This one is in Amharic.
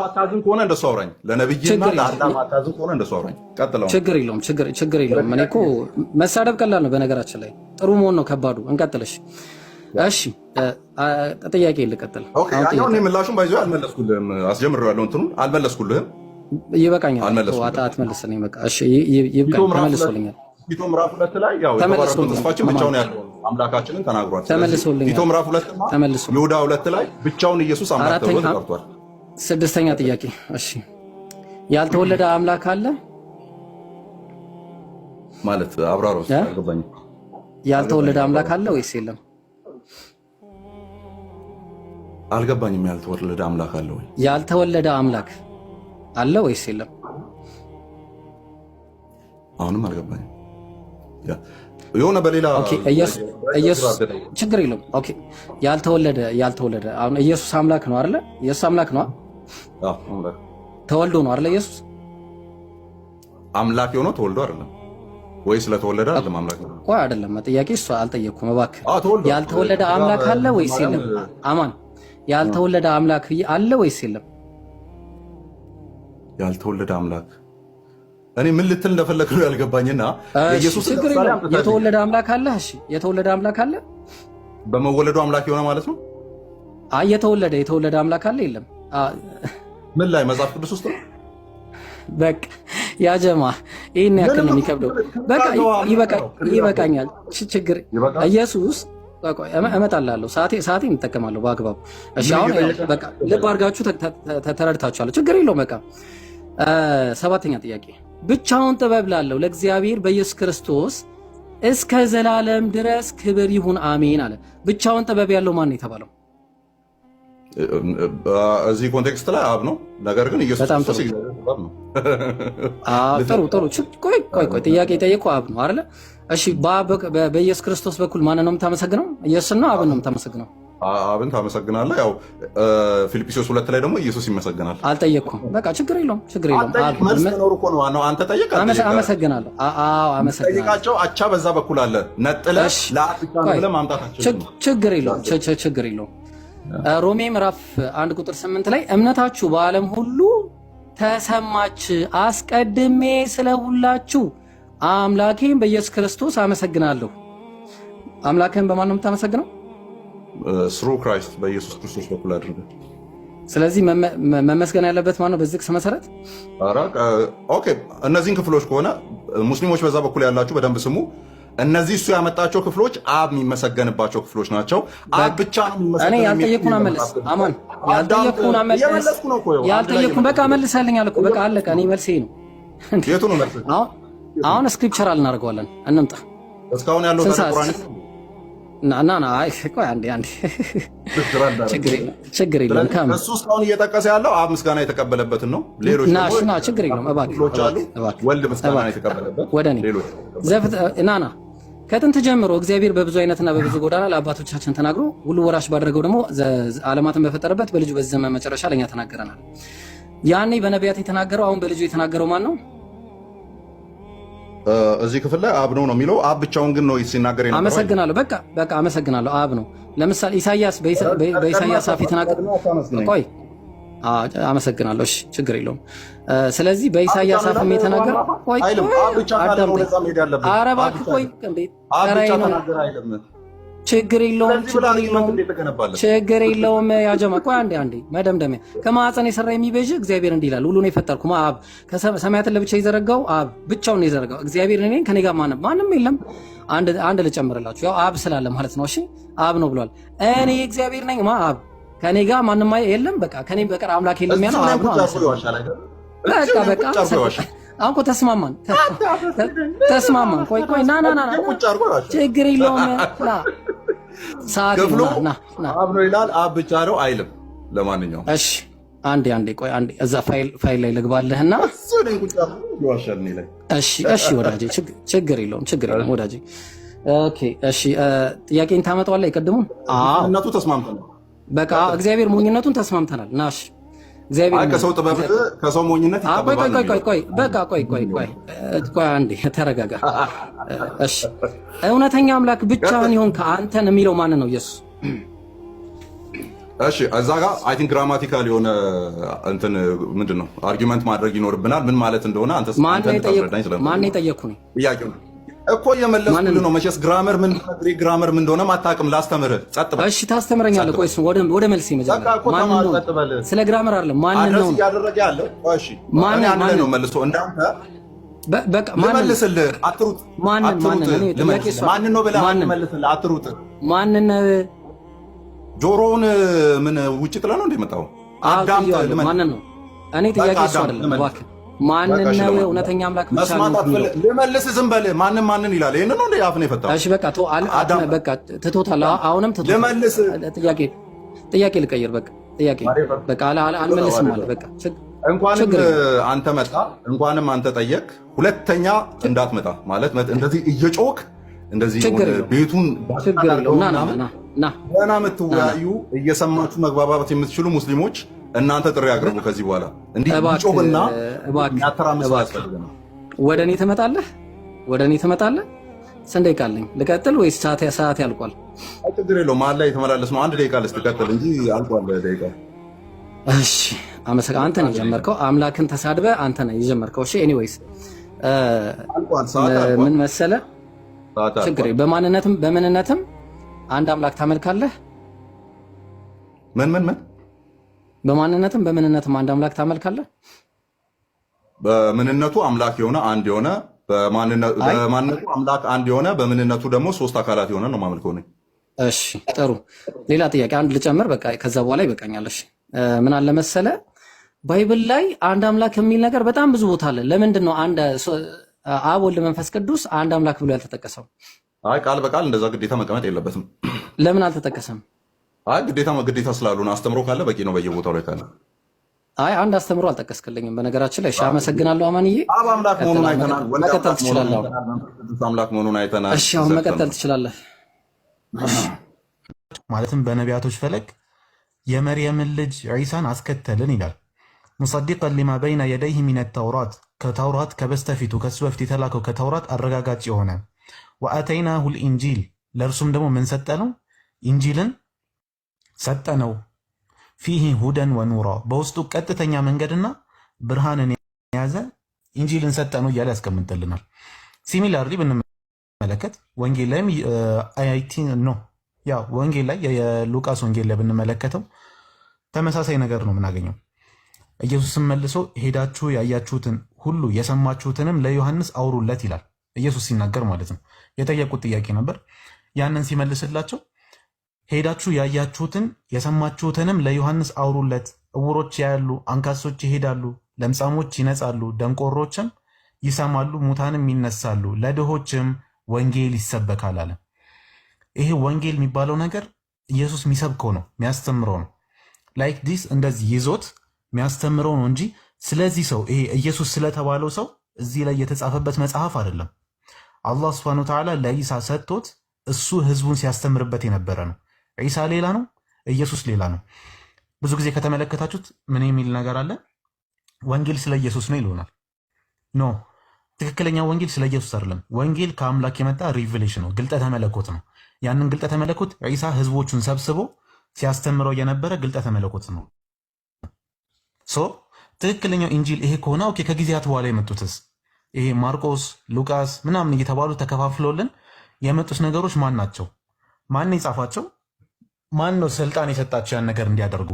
ማታዝን ከሆነ እንደሱ አውራኝ ለነብይና ማታዝን ከሆነ እንደሱ አውራኝ። ቀጥለው ችግር የለውም ችግር የለውም። እኔ እኮ መሳደብ ቀላል ነው በነገራችን ላይ ጥሩ መሆን ነው ከባዱ። እንቀጥልሽ። እሺ ጥያቄ ልቀጥል። ምላሹን ባይዞ አልመለስኩልህም። አልመለስኩልህም። ይበቃኛል። አትመልስልኝ። በቃ ይብቃኝ። ተመልሶልኛል። ቲቶ ምዕራፍ ሁለት ላይ ያው ተስፋችን ብቻውን አምላካችንን ተናግሯል። ቲቶ ምዕራፍ ሁለት ይሁዳ ሁለት ላይ ብቻውን ኢየሱስ አምላክ ተብሎ ተጠርቷል። ስድስተኛ ጥያቄ። እሺ ያልተወለደ አምላክ አለ ማለት አብራሮ አልገባኝ። ያልተወለደ አምላክ አለ ወይስ የለም? አልገባኝም። ያልተወለደ አምላክ አለ ወይ? ያልተወለደ አምላክ አለ ወይስ የለም? አሁንም አልገባኝም። የሆነ በሌላ ችግር የለውም። ኦኬ ያልተወለደ ያልተወለደ አሁን ኢየሱስ አምላክ ነው አይደለ? ኢየሱስ አምላክ ነው ተወልዶ ነው አይደለ? ኢየሱስ አምላክ የሆነው ተወልዶ አይደለም ወይ? ስለተወለደ አይደለም አምላክ ነው። ቆይ አይደለም ጥያቄ፣ እሱ አልጠየኩም። እባክህ ያልተወለደ አምላክ አለ ወይስ የለም? አማን ያልተወለደ አምላክ አለ ወይስ የለም? ያልተወለደ አምላክ እኔ ምን ልትል እንደፈለግ ነው ያልገባኝና፣ ኢየሱስ የተወለደ አምላክ አለ። እሺ የተወለደ አምላክ አለ። በመወለዱ አምላክ የሆነ ማለት ነው። አይ የተወለደ የተወለደ አምላክ አለ የለም ምን ላይ መጽሐፍ ቅዱስ ውስጥ ነው? በቃ ያ ጀማ ይህን ያክል ነው የሚከብደው። ይበቃኛል። ችግር ኢየሱስ እመጣላለሁ። ሰዓቴ እንጠቀማለሁ በአግባቡ። አሁን ልብ አድርጋችሁ ተረድታችኋለሁ። ችግር የለው። በቃ ሰባተኛ ጥያቄ ብቻውን ጥበብ ላለው ለእግዚአብሔር በኢየሱስ ክርስቶስ እስከ ዘላለም ድረስ ክብር ይሁን አሜን አለ። ብቻውን ጥበብ ያለው ማን ነው የተባለው? እዚህ ኮንቴክስት ላይ አብ ነው። ነገር ግን ኢየሱስ ክርስቶስ ጥሩ ጥሩ ቆይ ቆይ ቆይ ጥያቄ የጠየቁ አብ ነው አይደለ? እሺ በኢየሱስ ክርስቶስ በኩል ማንን ነው የምታመሰግነው? ኢየሱስ ነው አብን ነው የምታመሰግነው? አብን ታመሰግናለህ። ያው ፊልጵስዩስ ሁለት ላይ ደግሞ ኢየሱስ ይመሰግናል። አልጠየቅኩም። በቃ ችግር የለውም ችግር የለውም። አንተ ጠየቅ። አመሰግናለሁ። አዎ አመሰግናለሁ። አቻ በዛ በኩል አለ ነጥለህ ለአብ ብቻ ነው ብለህ ማምጣታቸው ችግር የለውም ችግር የለውም ሮሜ ምዕራፍ አንድ ቁጥር ስምንት ላይ እምነታችሁ በዓለም ሁሉ ተሰማች፣ አስቀድሜ ስለሁላችሁ አምላኬን በኢየሱስ ክርስቶስ አመሰግናለሁ። አምላክህን በማን ነው የምታመሰግነው? ስሩ ክራይስት በኢየሱስ ክርስቶስ በኩል አድርገ። ስለዚህ መመስገን ያለበት ማነው? በዚህ ክስ መሰረት እነዚህን ክፍሎች ከሆነ ሙስሊሞች በዛ በኩል ያላችሁ በደንብ ስሙ። እነዚህ እሱ ያመጣቸው ክፍሎች አብ የሚመሰገንባቸው ክፍሎች ናቸው። አብ ብቻ ነው ያልጠየኩህን በቃ መልሰልኝ አልኩ። በቃ አለቀ። እኔ መልሴ ነው። የቱ ነው መልስ? አሁን ስክሪፕቸራል እናደርገዋለን። እንምጣ። እስካሁን ያለው ና ና ችግር የለም። እሱ እስካሁን እየጠቀሰ ያለው አብ ምስጋና የተቀበለበትን ነው። ሌሎች ችግር የለም። ወልድ ምስጋና የተቀበለበት ወደ እኔ ከጥንት ጀምሮ እግዚአብሔር በብዙ አይነትና በብዙ ጎዳና ለአባቶቻችን ተናግሮ ሁሉ ወራሽ ባደረገው ደግሞ ዓለማትን በፈጠረበት በልጁ በዚህ ዘመን መጨረሻ ለእኛ ተናገረናል። ያኔ በነቢያት የተናገረው አሁን በልጁ የተናገረው ማን ነው? እዚህ ክፍል ላይ አብ ነው ነው የሚለው። አብ ብቻውን ግን ነው ሲናገር የነበረው። አመሰግናለሁ። በቃ በቃ አመሰግናለሁ። አብ ነው። ለምሳሌ ኢሳያስ በኢሳያስ አፍ የተናገረው ቆይ አመሰግናለሁ። ችግር የለውም። ስለዚህ በኢሳያስ አፍም የተናገር ችግር የለውም። ያጀማ ቆይ አንዴ አንዴ መደምደሚያ ከማዕፀን የሰራ የሚበዥ እግዚአብሔር እንዲህ ይላል፣ ሁሉን የፈጠርኩ አብ ሰማያትን ለብቻ የዘረጋው አብ ብቻውን የዘረጋው እግዚአብሔር እኔን ከኔ ጋር ማንም ማንም የለም። አንድ ልጨምርላችሁ፣ ያው አብ ስላለ ማለት ነው። እሺ አብ ነው ብሏል። እኔ እግዚአብሔር ነኝ ማ አብ ከኔ ጋር ማንም የለም። በቃ ከኔ በቀር አምላክ የለም ያለው በቃ በቃ አሁን እኮ ተስማማን ተስማማን። ቆይ ቆይ ና ና ና ችግር የለውም ሰዓት ና ና አብሮ ይላል። አብ ብቻ ነው አይልም። ለማንኛውም እሺ፣ አንዴ አንዴ ቆይ አንዴ እዛ ፋይል ፋይል ላይ ልግባልህና እሺ፣ እሺ ወዳጄ ችግር የለውም ችግር የለውም ወዳጄ። ኦኬ፣ እሺ ጥያቄን ታመጣዋለህ። የቀድሙን እናቱ ተስማምተን ነው በቃ እግዚአብሔር ሞኝነቱን ተስማምተናል። ናሽ እግዚአብሔር ከሰው ጥበብ ከሰው ሞኝነት ይጠበባል። ቆይ ቆይ ቆይ በቃ ቆይ ቆይ ቆይ ቆይ አንዴ ተረጋጋ። እሺ እውነተኛ አምላክ ብቻህን ይሆን ከአንተን የሚለው ማን ነው? ኢየሱስ። እሺ እዛ ጋር አይ ቲንክ ግራማቲካል የሆነ እንትን ምንድን ነው አርጊመንት ማድረግ ይኖርብናል። ምን ማለት እንደሆነ አንተ ማን ነው የጠየኩህ? ጥያቄው ነው እኮ የመለስኩልህ ነው። መቼስ ግራመር ምን ነግሬ ግራመር ምን እንደሆነ ማታቅም ላስተምርህ። ጸጥ በል። እሺ፣ ታስተምረኛለህ። ቆይ ወደ ወደ መልስ ይመጃል። ማን ነው ስለ ግራመር አይደለም። ማን ነው ያደረገ ያለው? እሺ፣ ማን ነው መልሶ እንዳንተ በቃ ማን ማን ማን ነው ማን ነው ጆሮውን ምን ውጭ ጥለህ ነው እንደመጣው አዳም ማን ነው? እኔ ጥያቄ እሱ አይደለም እባክህ ማንን ነው እውነተኛ አምላክ ብቻ ነው ልመልስ። ዝም በል ማንን ማንን ይላል። ይሄን ነው እንደ አፍ የፈታው። እሺ በቃ ተው በቃ ትቶታል። አሁንም ትቶታል። ጥያቄ ልቀይር። በቃ ጥያቄ በቃ አልመልስም ማለት በቃ እንኳንም አንተ መጣ እንኳንም አንተ ጠየቅ። ሁለተኛ እንዳትመጣ ማለት እንደዚህ እየጮክ እንደዚህ ቤቱን ና ምትወያዩ እየሰማችሁ መግባባት የምትችሉ ሙስሊሞች እናንተ ጥሪ አቅርቡ። ከዚህ በኋላ እንዲህ ጮህና ያተራምስ ያስፈልገናል። ወደ እኔ ትመጣለህ፣ ወደ እኔ ትመጣለህ። ስንት ደቂቃ አለኝ? ልቀጥል ወይስ ሰዓት ያልቋል? ችግር የለውም መሀል ላይ የተመላለስ ነው። አንድ ደቂቃ ልትቀጥል እንጂ አልቋል ደቂቃ። እሺ አመሰግናለሁ። አንተ ነው የጀመርከው። አምላክን ተሳድበ አንተ ነው የጀመርከው። እሺ ኤኒዌይስ ምን መሰለ ችግር በማንነትም በምንነትም አንድ አምላክ ታመልካለህ። ምን ምን ምን በማንነትም በምንነትም አንድ አምላክ ታመልካለህ። በምንነቱ አምላክ የሆነ አንድ የሆነ በማንነቱ አምላክ አንድ የሆነ በምንነቱ ደግሞ ሶስት አካላት የሆነ ነው ማመልከው እሺ ጥሩ። ሌላ ጥያቄ አንድ ልጨምር፣ በቃ ከዛ በኋላ ይበቃኛል። እሺ ምን አለ መሰለ ባይብል ላይ አንድ አምላክ የሚል ነገር በጣም ብዙ ቦታ አለ። ለምንድን ነው አንድ አብ ወልድ መንፈስ ቅዱስ አንድ አምላክ ብሎ ያልተጠቀሰው? አይ ቃል በቃል እንደዛ ግዴታ መቀመጥ የለበትም። ለምን አልተጠቀሰም? አይ ግዴታ ግዴታ ስላሉን አስተምሮ ካለ በቂ ነው። በየቦታው ላይ ካለ አይ አንድ አስተምሮ አልጠቀስክልኝም። በነገራችን ላይ አመሰግናለሁ አማንዬ። አብ አምላክ መሆኑን አይተናል። መቀጠል ትችላለህ። አምላክ መሆኑን አይተናል። እሺ አሁን መቀጠል ትችላለህ። ማለትም በነቢያቶች ፈለግ የመርየምን ልጅ ዒሳን አስከተልን ይላል። ሙሰዲቀን ሊማ በይነ የደይህ ሚነ ተውራት ከተውራት ከበስተፊቱ ከሱ በፊት የተላከው ከተውራት አረጋጋጭ የሆነ ወአተይናሁ ልኢንጂል ለእርሱም ደግሞ ምን ሰጠነው? ኢንጂልን ሰጠነው። ፊህ ሁደን ወኑራ በውስጡ ቀጥተኛ መንገድና ብርሃንን የያዘ ኢንጂልን ሰጠነው እያለ ያስቀምጥልናል። ሲሚላርሊ ብንመለከት ወንጌል ላይም ነው ያ ወንጌል ላይ የሉቃስ ወንጌል ላይ ብንመለከተው ተመሳሳይ ነገር ነው የምናገኘው። ኢየሱስም መልሶ ሄዳችሁ ያያችሁትን ሁሉ የሰማችሁትንም ለዮሐንስ አውሩለት ይላል። ኢየሱስ ሲናገር ማለት ነው። የጠየቁት ጥያቄ ነበር። ያንን ሲመልስላቸው ሄዳችሁ ያያችሁትን የሰማችሁትንም ለዮሐንስ አውሩለት። እውሮች ያያሉ፣ አንካሶች ይሄዳሉ፣ ለምጻሞች ይነጻሉ፣ ደንቆሮችም ይሰማሉ፣ ሙታንም ይነሳሉ፣ ለድሆችም ወንጌል ይሰበካል አለ። ይሄ ወንጌል የሚባለው ነገር ኢየሱስ የሚሰብከው ነው የሚያስተምረው ነው። ላይክ ዲስ እንደዚህ ይዞት የሚያስተምረው ነው እንጂ ስለዚህ ሰው ይሄ ኢየሱስ ስለተባለው ሰው እዚህ ላይ የተጻፈበት መጽሐፍ አይደለም። አላህ ስብሐነ ወተዓላ ለኢሳ ሰጥቶት እሱ ህዝቡን ሲያስተምርበት የነበረ ነው። ዒሳ ሌላ ነው፣ ኢየሱስ ሌላ ነው። ብዙ ጊዜ ከተመለከታችሁት ምን የሚል ነገር አለ? ወንጌል ስለ ኢየሱስ ነው ይሉናል። ኖ ትክክለኛ ወንጌል ስለ ኢየሱስ አይደለም። ወንጌል ከአምላክ የመጣ ሪቪሌሽን ነው፣ ግልጠተ መለኮት ነው። ያንን ግልጠተ መለኮት ዒሳ ህዝቦቹን ሰብስቦ ሲያስተምረው የነበረ ግልጠተ መለኮት ነው። ሶ ትክክለኛው ኢንጂል ይሄ ከሆነ ኦኬ፣ ከጊዜያት በኋላ የመጡትስ ይሄ ማርቆስ፣ ሉቃስ ምናምን እየተባሉ ተከፋፍለውልን የመጡት ነገሮች ማን ናቸው? ማን የጻፋቸው? ማን ነው ስልጣን የሰጣቸው ያን ነገር እንዲያደርጉ?